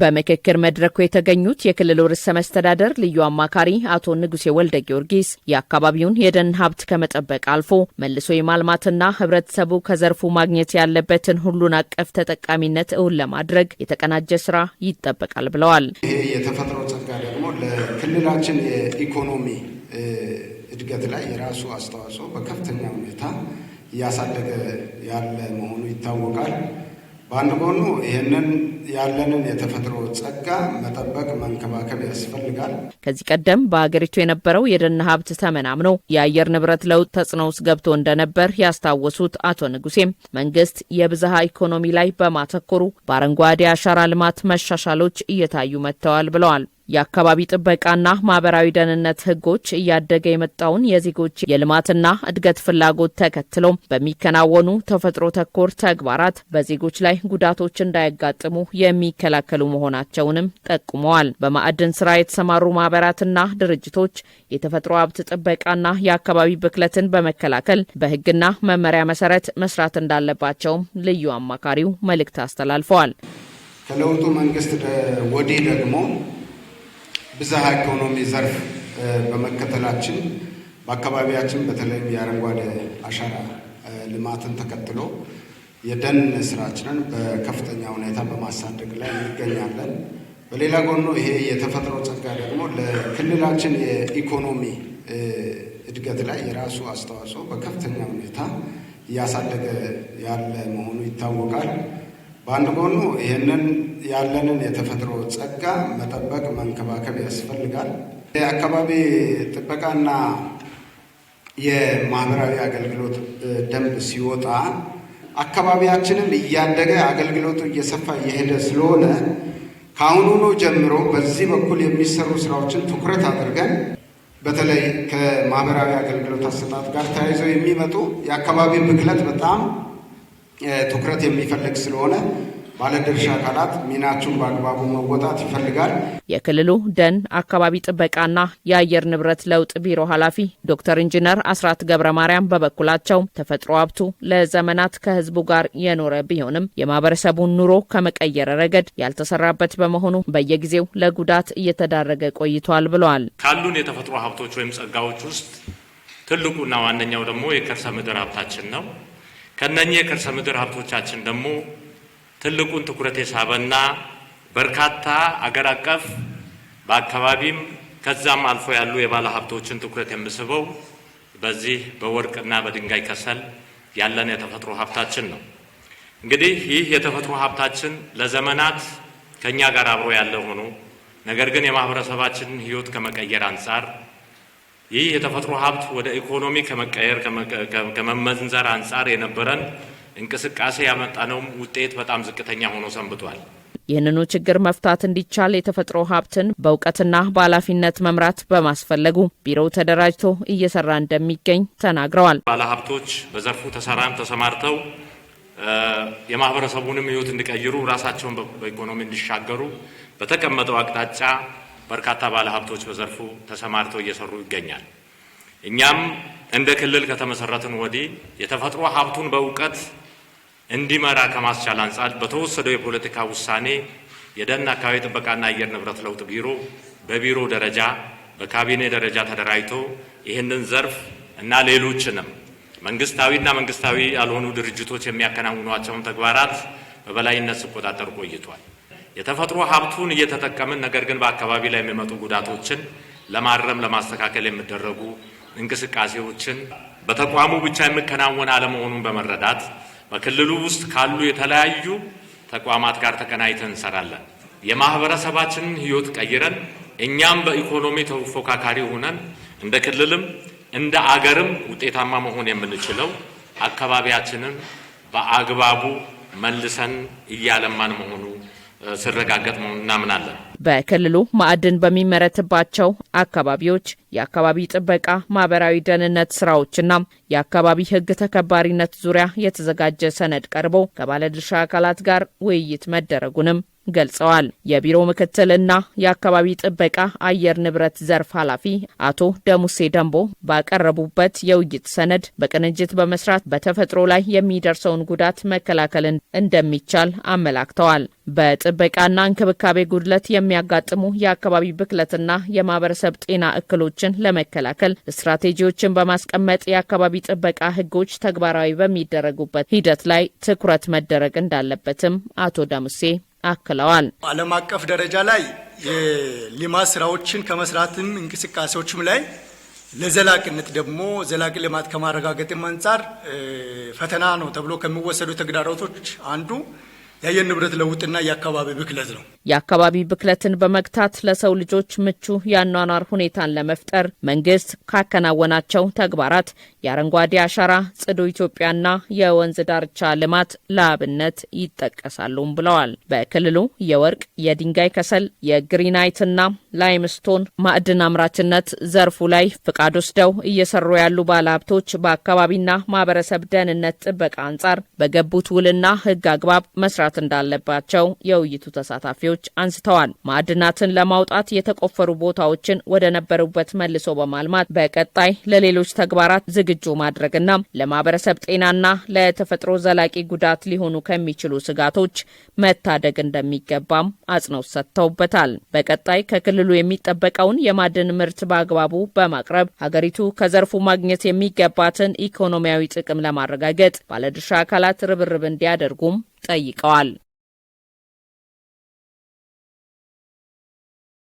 በምክክር መድረኩ የተገኙት የክልሉ ርዕሰ መስተዳደር ልዩ አማካሪ አቶ ንጉሴ ወልደ ጊዮርጊስ የአካባቢውን የደን ሀብት ከመጠበቅ አልፎ መልሶ የማልማትና ህብረተሰቡ ከዘርፉ ማግኘት ያለበትን ሁሉን አቀፍ ተጠቃሚነት እውን ለማድረግ የተቀናጀ ስራ ይጠበቃል ብለዋል። ይሄ የተፈጥሮ ጸጋ ደግሞ ለክልላችን የኢኮኖሚ እድገት ላይ የራሱ አስተዋጽኦ በከፍተኛ ሁኔታ እያሳደገ ያለ መሆኑ ይታወቃል። በአንድ ጎኑ ይህንን ያለንን የተፈጥሮ ጸጋ መጠበቅ መንከባከብ ያስፈልጋል። ከዚህ ቀደም በሀገሪቱ የነበረው የደን ሀብት ተመናምኖ የአየር ንብረት ለውጥ ተጽዕኖ ውስጥ ገብቶ እንደነበር ያስታወሱት አቶ ንጉሴም መንግስት የብዝሃ ኢኮኖሚ ላይ በማተኮሩ በአረንጓዴ አሻራ ልማት መሻሻሎች እየታዩ መጥተዋል ብለዋል። የአካባቢ ጥበቃና ማህበራዊ ደህንነት ህጎች እያደገ የመጣውን የዜጎች የልማትና እድገት ፍላጎት ተከትሎ በሚከናወኑ ተፈጥሮ ተኮር ተግባራት በዜጎች ላይ ጉዳቶች እንዳያጋጥሙ የሚከላከሉ መሆናቸውንም ጠቁመዋል። በማዕድን ስራ የተሰማሩ ማህበራትና ድርጅቶች የተፈጥሮ ሀብት ጥበቃና የአካባቢ ብክለትን በመከላከል በህግና መመሪያ መሰረት መስራት እንዳለባቸውም ልዩ አማካሪው መልእክት አስተላልፈዋል። ከለውጡ መንግስት ወዲህ ደግሞ ብዝሃ ኢኮኖሚ ዘርፍ በመከተላችን በአካባቢያችን በተለይም የአረንጓዴ አሻራ ልማትን ተከትሎ የደን ስራችንን በከፍተኛ ሁኔታ በማሳደግ ላይ እንገኛለን። በሌላ ጎኑ ይሄ የተፈጥሮ ጸጋ ደግሞ ለክልላችን የኢኮኖሚ እድገት ላይ የራሱ አስተዋጽኦ በከፍተኛ ሁኔታ እያሳደገ ያለ መሆኑ ይታወቃል። በአንድ ጎኑ ይህንን ያለንን የተፈጥሮ ጸጋ መጠበቅ መንከባከብ ያስፈልጋል። የአካባቢ ጥበቃና የማህበራዊ አገልግሎት ደንብ ሲወጣ አካባቢያችንን እያደገ አገልግሎቱ እየሰፋ እየሄደ ስለሆነ ከአሁኑኑ ጀምሮ በዚህ በኩል የሚሰሩ ስራዎችን ትኩረት አድርገን በተለይ ከማህበራዊ አገልግሎት አሰጣጥ ጋር ተያይዘው የሚመጡ የአካባቢ ብክለት በጣም ትኩረት የሚፈልግ ስለሆነ ባለድርሻ አካላት ሚናቸውን በአግባቡ መወጣት ይፈልጋል። የክልሉ ደን አካባቢ ጥበቃና የአየር ንብረት ለውጥ ቢሮ ኃላፊ ዶክተር ኢንጂነር አስራት ገብረ ማርያም በበኩላቸው ተፈጥሮ ሀብቱ ለዘመናት ከህዝቡ ጋር የኖረ ቢሆንም የማህበረሰቡን ኑሮ ከመቀየር ረገድ ያልተሰራበት በመሆኑ በየጊዜው ለጉዳት እየተዳረገ ቆይቷል ብለዋል። ካሉን የተፈጥሮ ሀብቶች ወይም ጸጋዎች ውስጥ ትልቁና ዋነኛው ደግሞ የከርሰ ምድር ሀብታችን ነው። ከነኚህ የከርሰ ምድር ሀብቶቻችን ደግሞ ትልቁን ትኩረት የሳበና በርካታ አገር አቀፍ በአካባቢም ከዛም አልፎ ያሉ የባለ ሀብቶችን ትኩረት የምስበው በዚህ በወርቅና በድንጋይ ከሰል ያለን የተፈጥሮ ሀብታችን ነው። እንግዲህ ይህ የተፈጥሮ ሀብታችን ለዘመናት ከእኛ ጋር አብሮ ያለ ሆኖ ነገር ግን የማህበረሰባችንን ሕይወት ከመቀየር አንጻር ይህ የተፈጥሮ ሀብት ወደ ኢኮኖሚ ከመቀየር ከመመንዘር አንጻር የነበረን እንቅስቃሴ ያመጣነውም ውጤት በጣም ዝቅተኛ ሆኖ ሰንብቷል። ይህንኑ ችግር መፍታት እንዲቻል የተፈጥሮ ሀብትን በእውቀትና በኃላፊነት መምራት በማስፈለጉ ቢሮው ተደራጅቶ እየሰራ እንደሚገኝ ተናግረዋል። ባለሀብቶች በዘርፉ ተሰራም ተሰማርተው የማህበረሰቡንም ህይወት እንዲቀይሩ ራሳቸውን በኢኮኖሚ እንዲሻገሩ በተቀመጠው አቅጣጫ በርካታ ባለሀብቶች በዘርፉ ተሰማርተው እየሰሩ ይገኛል። እኛም እንደ ክልል ከተመሰረትን ወዲህ የተፈጥሮ ሀብቱን በእውቀት እንዲመራ ከማስቻል አንጻር በተወሰደው የፖለቲካ ውሳኔ የደን አካባቢ ጥበቃና አየር ንብረት ለውጥ ቢሮ በቢሮ ደረጃ በካቢኔ ደረጃ ተደራጅቶ ይህንን ዘርፍ እና ሌሎችንም መንግስታዊና መንግስታዊ ያልሆኑ ድርጅቶች የሚያከናውኗቸውን ተግባራት በበላይነት ሲቆጣጠር ቆይቷል። የተፈጥሮ ሀብቱን እየተጠቀምን ነገር ግን በአካባቢ ላይ የሚመጡ ጉዳቶችን ለማረም ለማስተካከል የሚደረጉ እንቅስቃሴዎችን በተቋሙ ብቻ የሚከናወን አለመሆኑን በመረዳት በክልሉ ውስጥ ካሉ የተለያዩ ተቋማት ጋር ተቀናይተን እንሰራለን። የማህበረሰባችንን ህይወት ቀይረን እኛም በኢኮኖሚ ተፎካካሪ ሆነን እንደ ክልልም እንደ አገርም ውጤታማ መሆን የምንችለው አካባቢያችንን በአግባቡ መልሰን እያለማን መሆኑ ስረጋገጥ እናምናለን። በክልሉ ማዕድን በሚመረትባቸው አካባቢዎች የአካባቢ ጥበቃ፣ ማህበራዊ ደህንነት ስራዎችና የአካባቢ ህግ ተከባሪነት ዙሪያ የተዘጋጀ ሰነድ ቀርቦ ከባለድርሻ አካላት ጋር ውይይት መደረጉንም ገልጸዋል። የቢሮ ምክትልና የአካባቢ ጥበቃ አየር ንብረት ዘርፍ ኃላፊ አቶ ደሙሴ ደንቦ ባቀረቡበት የውይይት ሰነድ በቅንጅት በመስራት በተፈጥሮ ላይ የሚደርሰውን ጉዳት መከላከል እንደሚቻል አመላክተዋል። በጥበቃና እንክብካቤ ጉድለት የሚ የሚያጋጥሙ የአካባቢ ብክለትና የማህበረሰብ ጤና እክሎችን ለመከላከል ስትራቴጂዎችን በማስቀመጥ የአካባቢ ጥበቃ ህጎች ተግባራዊ በሚደረጉበት ሂደት ላይ ትኩረት መደረግ እንዳለበትም አቶ ደምሴ አክለዋል። ዓለም አቀፍ ደረጃ ላይ የልማት ስራዎችን ከመስራትም እንቅስቃሴዎችም ላይ ለዘላቂነት ደግሞ ዘላቂ ልማት ከማረጋገጥም አንጻር ፈተና ነው ተብሎ ከሚወሰዱ ተግዳሮቶች አንዱ የአየር ንብረት ለውጥና የአካባቢ ብክለት ነው። የአካባቢ ብክለትን በመግታት ለሰው ልጆች ምቹ የአኗኗር ሁኔታን ለመፍጠር መንግስት ካከናወናቸው ተግባራት የአረንጓዴ አሻራ፣ ጽዱ ኢትዮጵያና የወንዝ ዳርቻ ልማት ለአብነት ይጠቀሳሉም ብለዋል። በክልሉ የወርቅ የድንጋይ ከሰል የግሪናይትና ላይምስቶን ማዕድን አምራችነት ዘርፉ ላይ ፍቃድ ወስደው እየሰሩ ያሉ ባለሀብቶች በአካባቢና ማህበረሰብ ደህንነት ጥበቃ አንጻር በገቡት ውልና ህግ አግባብ መስራት እንዳለባቸው የውይይቱ ተሳታፊዎች ነዋሪዎች አንስተዋል። ማዕድናትን ለማውጣት የተቆፈሩ ቦታዎችን ወደ ነበሩበት መልሶ በማልማት በቀጣይ ለሌሎች ተግባራት ዝግጁ ማድረግና ለማህበረሰብ ጤናና ለተፈጥሮ ዘላቂ ጉዳት ሊሆኑ ከሚችሉ ስጋቶች መታደግ እንደሚገባም አጽንኦት ሰጥተውበታል። በቀጣይ ከክልሉ የሚጠበቀውን የማዕድን ምርት በአግባቡ በማቅረብ ሀገሪቱ ከዘርፉ ማግኘት የሚገባትን ኢኮኖሚያዊ ጥቅም ለማረጋገጥ ባለድርሻ አካላት ርብርብ እንዲያደርጉም ጠይቀዋል።